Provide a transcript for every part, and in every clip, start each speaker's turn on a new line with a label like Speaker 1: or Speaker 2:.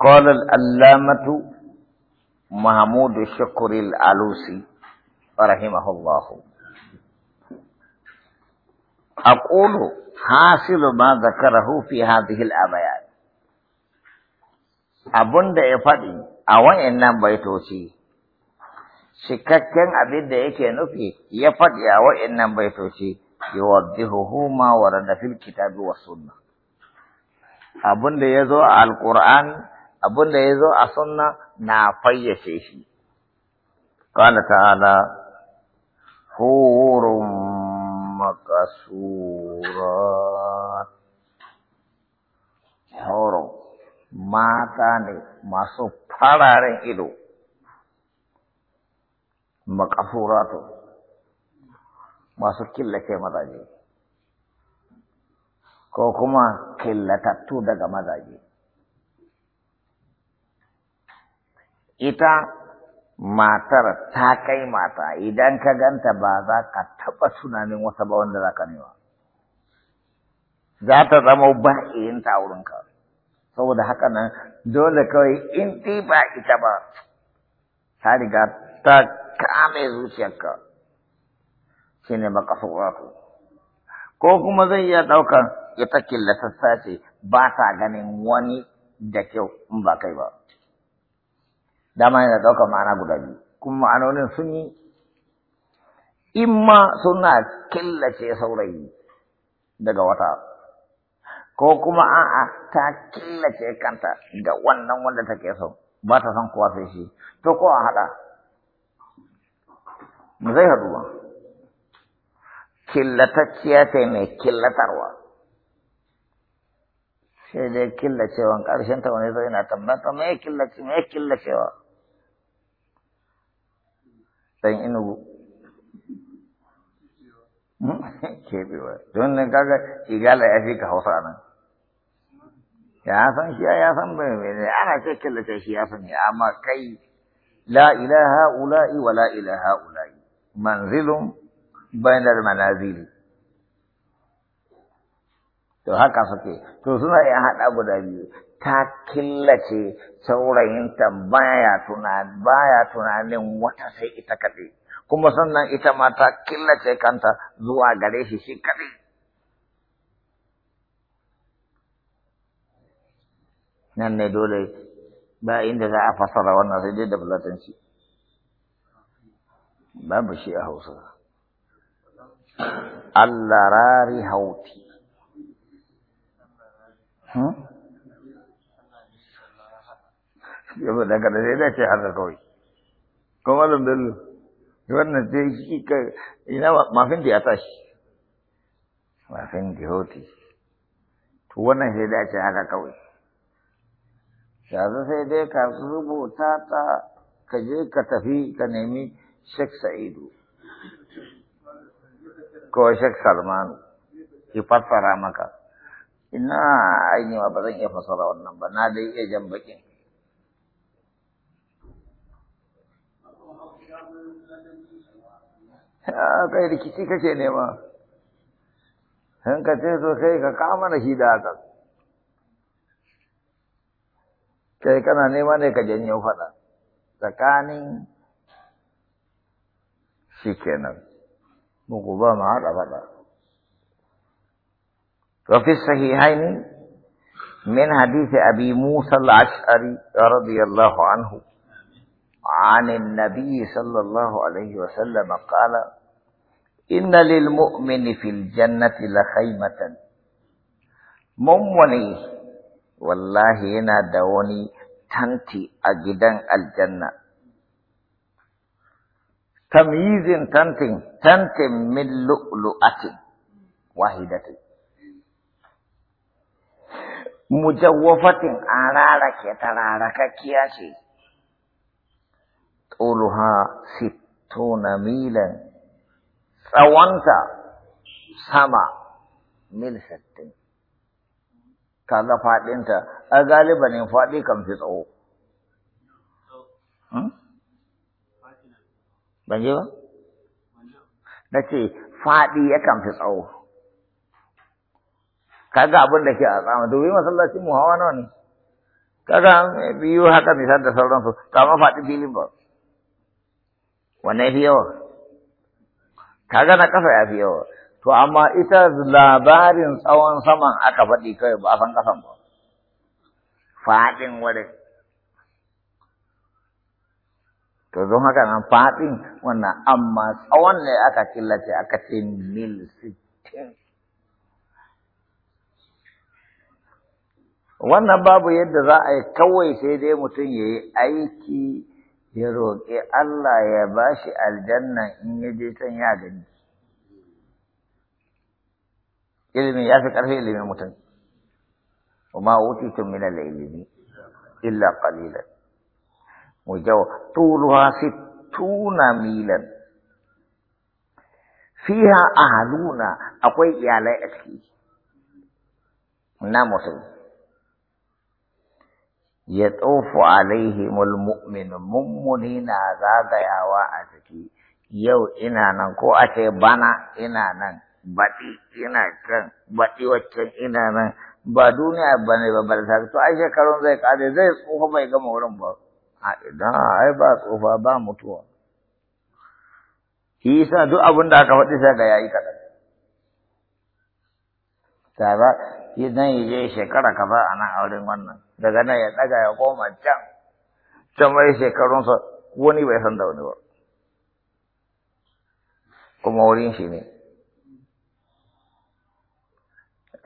Speaker 1: قال الألامة محمود الشكر العلوسي رحمه الله أقول حاصل ما ذكره في هذه الأبيات abun da ya faɗi a wa'annan baitoci, cikakken abin da yake nufi ya faɗi a wa'annan baitoci, yawaddihu huma wa radafil kitabi wa sunna. abin da ya zo a alƙur'ani abin da ya zo a sunna na fayyace shi قال ta'ala حور makasura حور mata ne masu fararen ido makasuratu masu killace mazaje ko kuma killatattu daga mazaje ita matar ta kai mata idan ka ganta ba za ka taɓa sunanin wata ba wanda za ka nema za ta zama ba'inta a wurinka saboda haka nan dole kawai in ti ba ita ba ta riga ta kame zuciyarka shine ka ko kuma zai iya ɗaukar ita killatassa ce ba ta ganin wani da kyau in ba kai ba. Dama yana ɗaukar ma'ana guda biyu, kuma ma'anonin sun yi, ma suna killace saurayi daga wata, ko kuma a'a ta killace kanta da wannan wanda take so, ba ta san kowa sai shi, to ko a haɗa, zai haɗu ba. Killatacciya ce mai killatarwa. sai dai killacewan ƙarshen ta wani zai na tambata mai killace me killacewa dan inugu hmm? kebewa don nan kaga igala ya fi ka hausa nan ya san shi ya san bai mene ana ce killace shi ya san ya amma kai la ilaha ula'i wa la ilaha ula'i manzilun bainar manazili to haka suke to suna iya haɗa guda biyu ta killace saurayinta baya tunan baya tunanin wata sai ita kaɗai kuma sannan ita ma ta killace kanta zuwa gare shi shi kaɗai nan ne dole ba inda za a fasara wannan sai dai da bulatanci. babu shi a hausa Allah rari hauti yau da kada sai da ce haka kawai kuma malam bello wannan dai shi ka ina mafin da ya tashi mafin da hoti to wannan sai da ce haka kawai shazu sai dai ka rubuta ta ka je ka tafi ka nemi Sheikh Sa'idu ko Sheikh Salman ki fassara maka ina aini ba zan iya fasara wannan ba na dai iya jan bakin kai rikici kake nema hanka ka ce so kai ka kama da shi da haka kai kana nema ne ka janyo faɗa tsakanin shi kenan muku ba ma haɗa faɗa وفي الصحيحين من حديث أبي موسى الأشعري رضي الله عنه عن النبي صلى الله عليه وسلم قال إن للمؤمن في الجنة لخيمة mummuni والله انا دوني تنتي tanti الجنة تمييز تنتي تنتي من لؤلؤة واحدة mujawwafatin an rarake ta rarakakkiya ce tsoluha sittona milan tsawonta sama mil sittin kaga faɗinta a galiba ne faɗi kan fi tsawo hmm? ban ji ba na ce faɗi kan fi tsawo kaga abin da ke a tsama dubi masallaci mu hawa nawa ne kaga biyu haka misal da sauransu to amma faɗi filin ba wannan fi yawa kaga na kafa ya fi yawa to amma ita labarin tsawon saman aka faɗi kawai ba a san kasan ba faɗin wurin to don haka nan faɗin wannan amma tsawon ne aka killace aka ce mil sittin wannan babu yadda za a yi kawai sai dai mutum ya yi aiki ya roƙi Allah ya ba shi aljanna in ya je can ya gani. Ilimi ya fi ƙarfi ilimin mutum, kuma wuce tun mina da ilimi, illa ƙalilan. Mu jawa, turuwa fi tuna milan. Fiha ahaluna akwai iyalai a ciki, na mutum. ya tsofu alaihimul mu'minu mummuni na zagayawa a ciki yau ina nan ko a ce bana ina nan baɗi ina can baɗi waccan ina nan ba duniya ba ne ba sarki to ai shekarun zai kare zai tsufa bai gama wurin ba a idan ai ba tsufa ba mutuwa shi yasa duk abin da aka faɗi sai ga yayi kaɗan idan ya je shekara kaza a nan auren wannan daga nan ya daga ya koma can can mai shekarunsa wani bai san da wani ba kuma wurin shi ne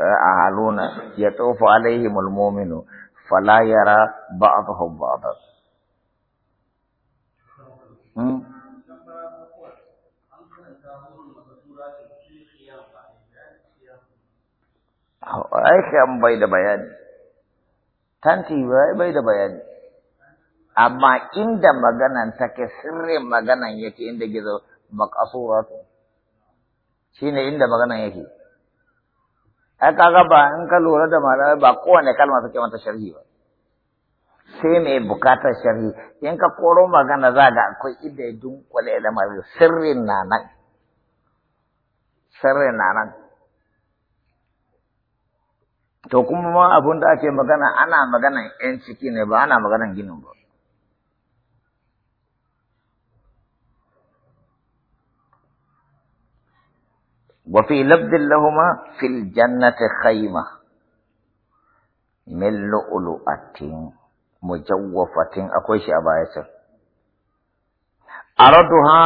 Speaker 1: a haluna ya tsofa alaihi muminu fala yara ba'dhum ba'dhan Aisha an bai da bayani tanti bai da bayani amma inda maganan take sirrin maganan yake inda gizo maqasuratu shine inda maganan yake ai kaga ba in ka lura da malamai ba kowane kalma take mata sharhi ba sai mai bukatar sharhi in ka koro magana za ga akwai inda ya dunkule da sirrin na nan sirrin na nan To kuma ma abun da ake magana ana magana ‘yan ciki ne ba ana magana ginin ba. Wa fi labdin lahuma fil jannati khayma min lu'lu'atin mujawwafatin akwai shi a baya sir. Araduha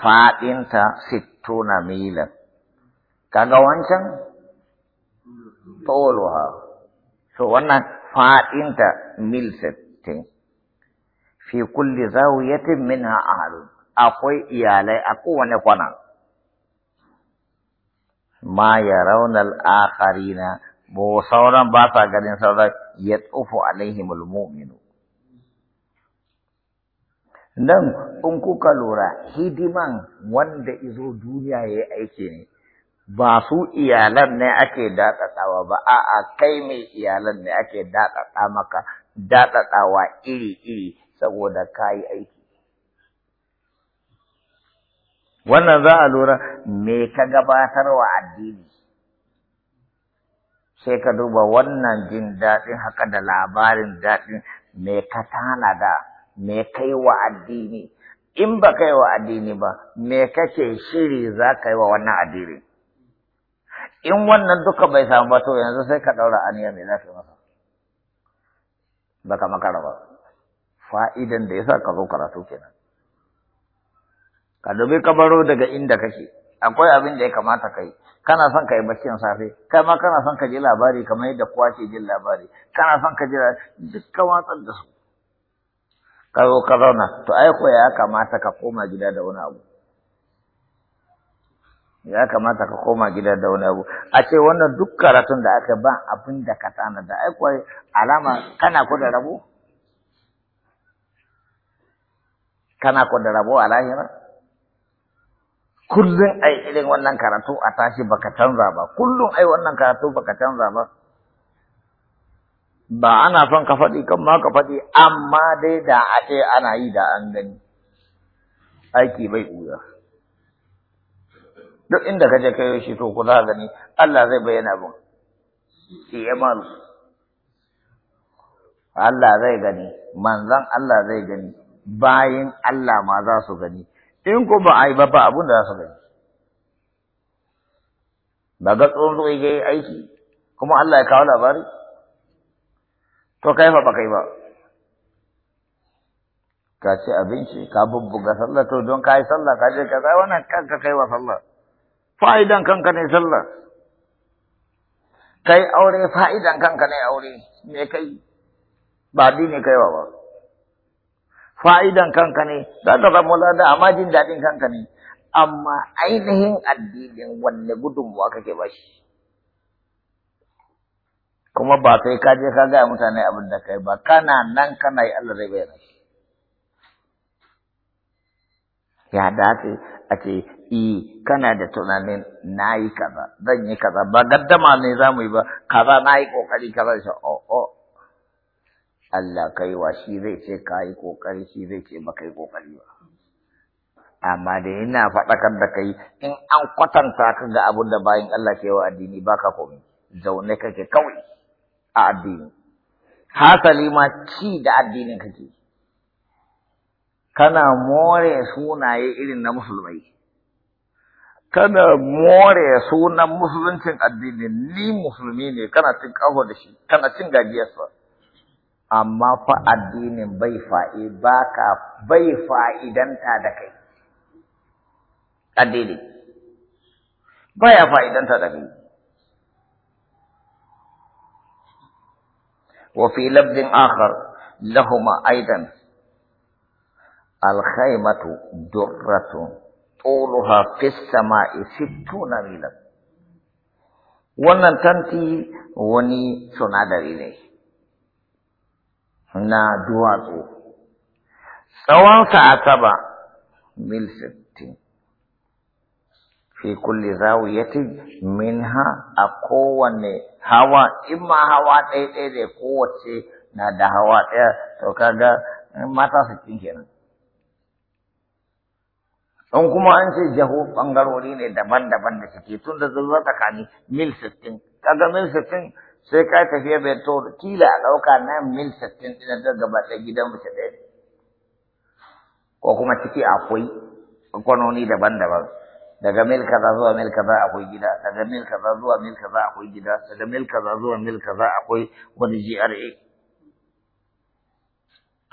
Speaker 1: fadinta sittuna milan. Kaga wancan طولها so wannan fa'inta mil fi kulli zawiyatin minha ahlun akwai iyalai a kowane kwana ma raunar akari na, bo sauran ba sa ganin sauran ya tsufu alaihimul mu'minu nan in kuka lura hidiman wanda izo duniya ya yi aiki ne ba su iyalan ne ake daɗaɗawa ba, a'a kai mai iyalan ne ake daɗaɗa maka, daɗaɗawa iri-iri saboda ka aiki. Wannan za a lura me ka gabatarwa addini, sai ka duba wannan jin daɗin haka da labarin daɗin me ka tanada, me kai wa addini, in ba kai wa addini ba, me kake shiri za ka yi wa wannan addini. in wannan duka bai samu ba to yanzu sai ka ɗaura aniya mai zafi masa baka makara ba fa'idan da yasa ka zo karatu kenan ka dubi ka baro daga inda kake akwai abin da ya kamata kai kana son ka yi baccin safe kai ma kana son ka ji labari kamar yadda kowa ke jin labari kana son ka ji duka watsar da su ka zo ka zauna to ai ko ya kamata ka koma gida da wani abu ya kamata ka koma gida da wani abu a ce wannan duk karatun da aka ba abin da ka tanada. da aikwai alama kana ku da rabo kana ku da rabo a lahira kullum ai irin wannan karatu a tashi baka canza ba kullum ai wannan karatu baka canza ba ba ana son ka faɗi kan ma ka faɗi amma dai da a ce ana yi da an gani aiki bai ɓuya. duk inda kaje kayo shi to ku za gani Allah zai bayyana abin iyamal Allah zai gani manzan Allah zai gani bayin Allah ma za su gani in ku ba ai ba ba abun da za su gani ba ga tsoron ruwa ya yi aiki kuma Allah ya kawo labari to kai fa ba kai ba ka ci abinci ka bubbuga sallah to don ka yi sallah ka je ka wannan kanka kai wa sallah fa'idan kanka ne sallah kai aure fa'idan kanka ne aure me kai ba dini kaiwa ba fa'idan kanka ne za ka samu amma jin daɗin kanka ne amma ainihin addinin wanne gudunmuwa kake ba shi kuma ba sai ka je ka gaya mutane abin da kai ba kana nan kana yi Allah zai bayyana shi ya dace a ce i e, kana da tunanin na yi kaza zan yi kaza ba gaddama ne za mu yi ba kaza na yi ƙoƙari kaza shi o oh, o oh. Allah Kai wa shi zai ce ka yi ƙoƙari shi zai ce ba kai ƙoƙari ba amma da yana faɗakar da kai in an kwatanta ka ga abin da bayan Allah ke wa addini baka ka komi zaune kake kawai a addini hasali ma ci da addinin kake kana more sunaye irin na musulmai kana more sunan musuluncin addini ni musulmi ne kana cin kaho da shi kana cin gajiyarsa amma fa addinin bai fa'i baka bai fa'idanta da kai addini baya fa'idanta da kai fi labdin Akhar, لهما aidan الخيمة درة fista في السماء na milan wannan tanti wani sunadari ne na duwatsu Tsawon a saba mil sittin fi kulli zawiyati minha a kowane hawa in ma hawa ɗaya ɗaya da kowace na da hawa ɗaya to kaga mata su kenan Don kuma an ce jaho bangarori ne daban-daban da suke tun da zuwa tsakani mil sittin kaga mil sittin sai ka tafiya bai to kila a ɗauka na mil sittin ɗin da gaba gidan mace ɗaya ne ko kuma ciki akwai kwanoni daban-daban daga mil kaza zuwa mil kaza akwai gida daga mil kaza zuwa mil kaza akwai gida daga mil kaza zuwa mil kaza akwai wani GRA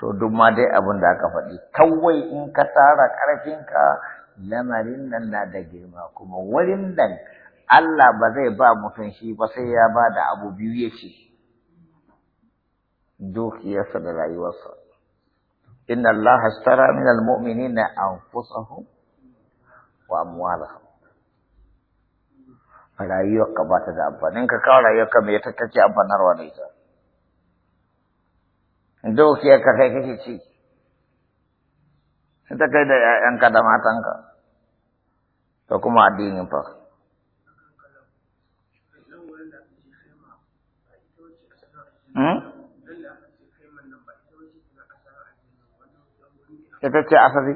Speaker 1: to duk ma dai abin da aka faɗi kawai in ka tara ƙarfinka lamarin nan na da girma kuma wurin nan Allah ba zai ba mutum shi ba sai ya ba da abu biyu ya ce, dukiyarsa da rayuwarsa inna Allah hastara min an fusahu wa amwalahum rayuwarka ba ta da amfani in ka kawo rayuwarka me ta kake amfanarwa da ita dokiyar ka kai kake ci ta kai da ‘ya'yanka da matanka da kuma addinin fa hmm? ita ce asali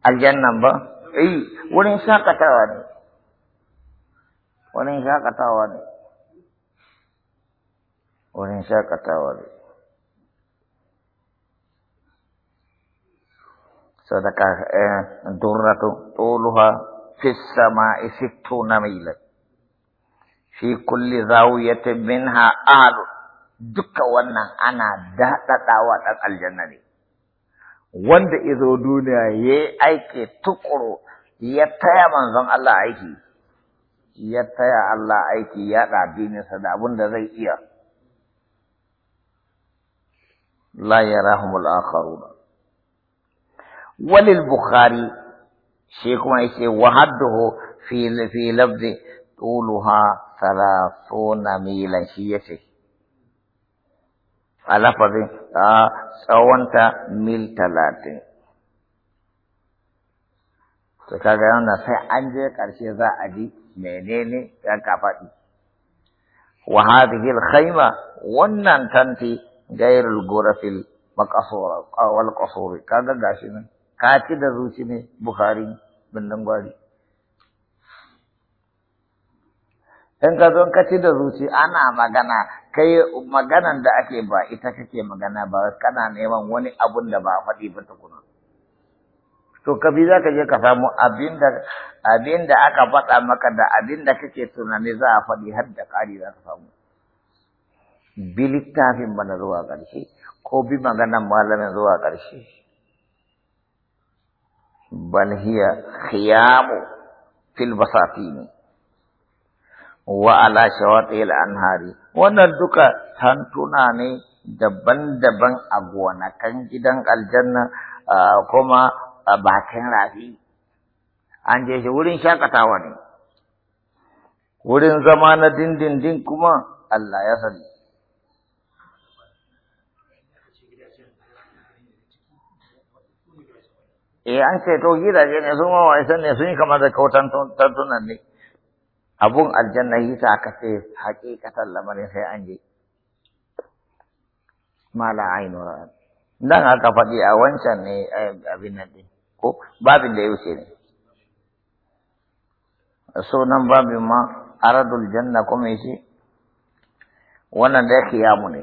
Speaker 1: aljannan ba eh wurin shakatawa ne wurin shakatawa ne wurin shakatawa ne sadaka durratu tuluha fi sama'i sittuna milan fi kulli zawiyatin minha ahlu duka wannan ana daɗaɗawa ɗan aljanna ne wanda izo duniya ya yi aiki tukuru ya taya manzon Allah aiki ya taya Allah aiki ya ɗabi nisa da abin da zai iya لا يراهم الآخرون وللبخاري شيخ ويسي وحده في في لفظ طولها ثلاثون ميلا شيئا على فضة آه، سوانتا ميل ثلاثين Saka gaya na sai أدي مينيني karshe za a ji menene gairul gorafil wal qasuri kaga gashi nan ka ci da zuci ne bukhari bindan gwari in ka zo ka ci da zuci ana magana kai maganan da ake ba ita kake magana ba kana neman wani abun da ba faɗi ba tukuna to kabi za ka je ka samu abinda abinda aka faɗa maka da abinda kake tunani za a faɗi har da ƙari za ka samu bi littafin mana zuwa ƙarshe ko bi maganan malamin zuwa ƙarshe bal hiya khiyamu fil basatini wa ala shawati anhari wannan duka tantuna ne daban-daban a gonakan gidan aljanna kuma a bakin rafi an je shi wurin shakatawa ne wurin zama na dindindin kuma Allah ya sani eh an ce to gidaje ne su ma wa'isan ne sun yi kamar da kautan tantunan ne abun aljanna hisa aka ce hakikatan lamarin sai an je mala aino ra'ad dan aka faɗi a wancan ne abin nan din ko babin da ya wuce ne sunan babin ma aradul janna ko kuma yace wannan da yamu ne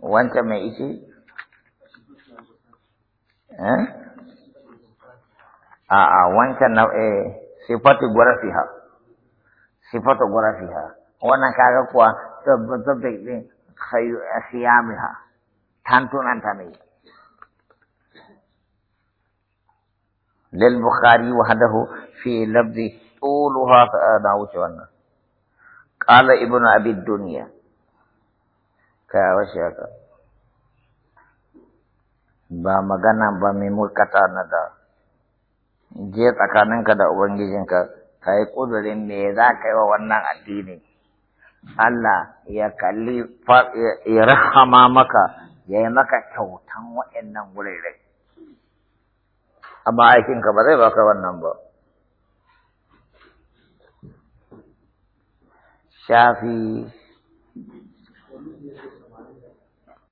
Speaker 1: wancan mai ice Eh? a'a ah, ah, wancan nau'i eh, sifatu gwarafiha sifatu gwarafiha wannan kaga kuwa tabbatar da din eh, khiyamiha tantunan ta ne lil bukhari wahdahu fi labdi طولها داوت wannan قال ابن ابي الدنيا ka washe ka ba magana ba mai murkata na da je tsakaninka da ubangijinka ka yi ƙudurin me za ka yi wa wannan addini Allah ya kalli ya rahama maka ya yi maka kyautan waɗannan wurare amma aikinka ba zai baka wannan ba shafi